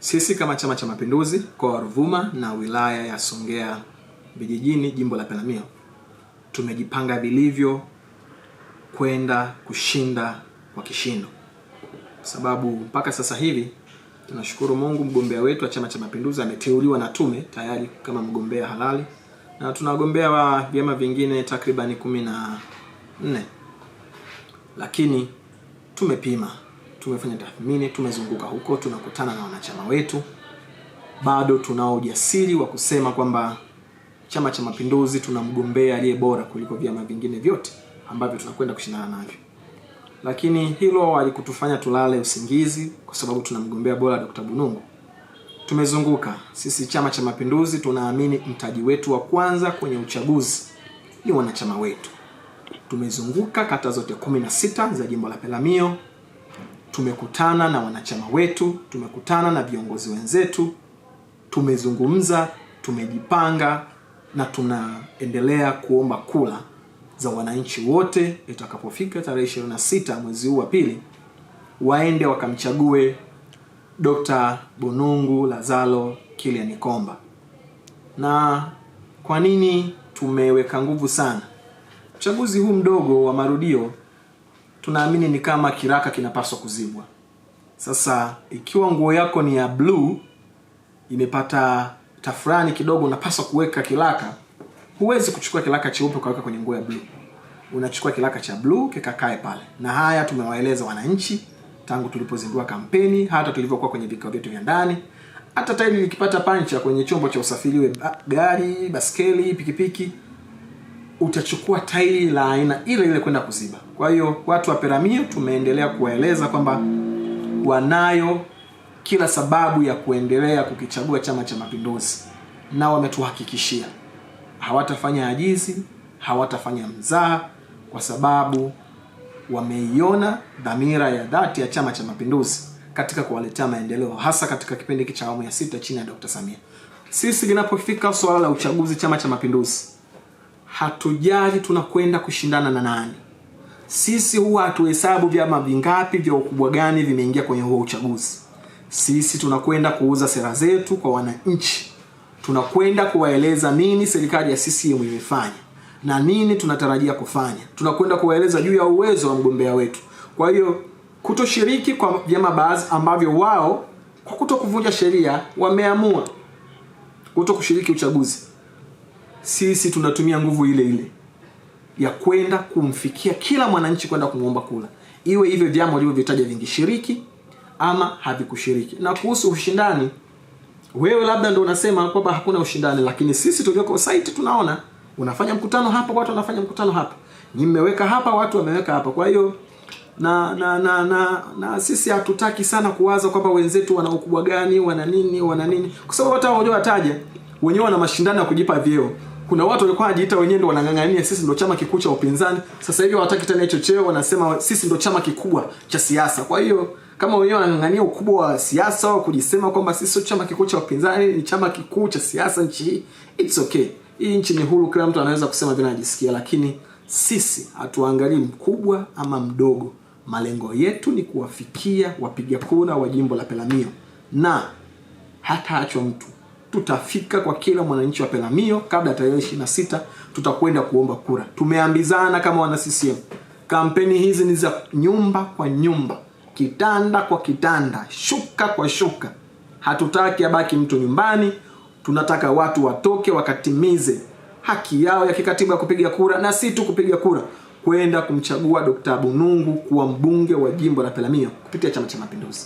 Sisi kama Chama cha Mapinduzi mkoa wa Ruvuma na wilaya ya Songea vijijini jimbo la Peramiho tumejipanga vilivyo kwenda kushinda kwa kishindo, kwa sababu mpaka sasa hivi tunashukuru Mungu, mgombea wetu wa Chama cha Mapinduzi ameteuliwa na tume tayari kama mgombea halali na tuna wagombea wa vyama vingine takribani kumi na nne, lakini tumepima tumefanya tathmini, tumezunguka huko, tunakutana na wanachama wetu, bado tunao ujasiri wa kusema kwamba Chama cha Mapinduzi tuna mgombea aliye bora kuliko vyama vingine vyote ambavyo tunakwenda kushindana navyo. Lakini hilo alikutufanya tulale usingizi, kwa sababu tuna mgombea bora Dr. Bunungu. Tumezunguka sisi, Chama cha Mapinduzi tunaamini mtaji wetu wa kwanza kwenye uchaguzi ni wanachama wetu. Tumezunguka kata zote kumi na sita za jimbo la Peramiho tumekutana na wanachama wetu, tumekutana na viongozi wenzetu, tumezungumza, tumejipanga na tunaendelea kuomba kula za wananchi wote itakapofika tarehe 26 mwezi huu wa pili, waende wakamchague Dr. Bunungu Lazaro Kilian Komba. Na kwa nini tumeweka nguvu sana uchaguzi huu mdogo wa marudio? tunaamini ni kama kiraka kinapaswa kuzibwa. Sasa ikiwa nguo yako ni ya blue imepata tafurani kidogo, unapaswa kuweka kiraka. Huwezi kuchukua kiraka cheupe ukaweka kwenye nguo ya blue, unachukua kiraka cha blue kikakae pale. Na haya tumewaeleza wananchi tangu tulipozindua kampeni, hata tulivyokuwa kwenye vikao vyetu vya ndani. Hata tairi likipata pancha kwenye chombo cha usafiri, we ah, gari, baskeli, pikipiki utachukua taili la aina ile ile kwenda kuziba. Kwa hiyo watu wa Peramiho tumeendelea kuwaeleza kwamba wanayo kila sababu ya kuendelea kukichagua Chama cha Mapinduzi, na wametuhakikishia hawatafanya ajizi, hawatafanya mzaa kwa sababu wameiona dhamira ya dhati ya Chama cha Mapinduzi katika kuwaletea maendeleo, hasa katika kipindi hiki cha awamu ya sita chini ya Dr. Samia. Sisi linapofika swala la uchaguzi, Chama cha Mapinduzi hatujali tunakwenda kushindana na nani. Sisi huwa hatuhesabu vyama vingapi vya ukubwa gani vimeingia kwenye huo uchaguzi. Sisi tunakwenda kuuza sera zetu kwa wananchi, tunakwenda kuwaeleza nini serikali ya CCM imefanya na nini tunatarajia kufanya. Tunakwenda kuwaeleza juu ya uwezo wa mgombea wetu. Kwa hiyo kutoshiriki kwa vyama baadhi ambavyo wao kwa kuto kuvunja sheria wameamua kuto kushiriki uchaguzi sisi tunatumia nguvu ile ile ya kwenda kumfikia kila mwananchi, kwenda kumwomba kula, iwe hivyo vyama ulivyovitaja vingishiriki ama havikushiriki. Na kuhusu ushindani, wewe labda ndo unasema kwamba hakuna ushindani, lakini sisi tulioko site tunaona unafanya mkutano hapa, watu wanafanya mkutano hapa, ni mmeweka hapa, watu wameweka hapa. Kwa hiyo na na na na, na sisi hatutaki sana kuwaza kwamba wenzetu wana ukubwa gani, wana nini, wana nini, kwa sababu hata wajua wataja wenyewe wana mashindano ya kujipa vyeo kuna watu walikuwa wanajiita wenyewe ndio wanang'ang'ania, sisi ndio chama kikuu cha upinzani. Sasa hivi hawataki tena hicho cheo, wanasema sisi ndio chama kikubwa cha siasa. Kwa hiyo kama wenyewe wanang'ang'ania ukubwa wa siasa au kujisema kwamba sisi sio chama kikuu cha upinzani, ni chama kikuu cha siasa nchi hii, it's okay. Hii nchi ni huru, kila mtu anaweza kusema vile anajisikia, lakini sisi hatuangalii mkubwa ama mdogo. Malengo yetu ni kuwafikia wapiga kura wa jimbo la pelamio na hataachwa mtu tutafika kwa kila mwananchi wa Peramiho kabla ya tarehe ishirini na sita tutakwenda kuomba kura. Tumeambizana kama wana CCM, kampeni hizi ni za nyumba kwa nyumba, kitanda kwa kitanda, shuka kwa shuka. Hatutaki abaki mtu nyumbani, tunataka watu watoke wakatimize haki yao ya kikatiba ya kupiga kura, na si tu kupiga kura, kwenda kumchagua Dkt. Bunungu kuwa mbunge wa jimbo la Peramiho kupitia Chama cha Mapinduzi.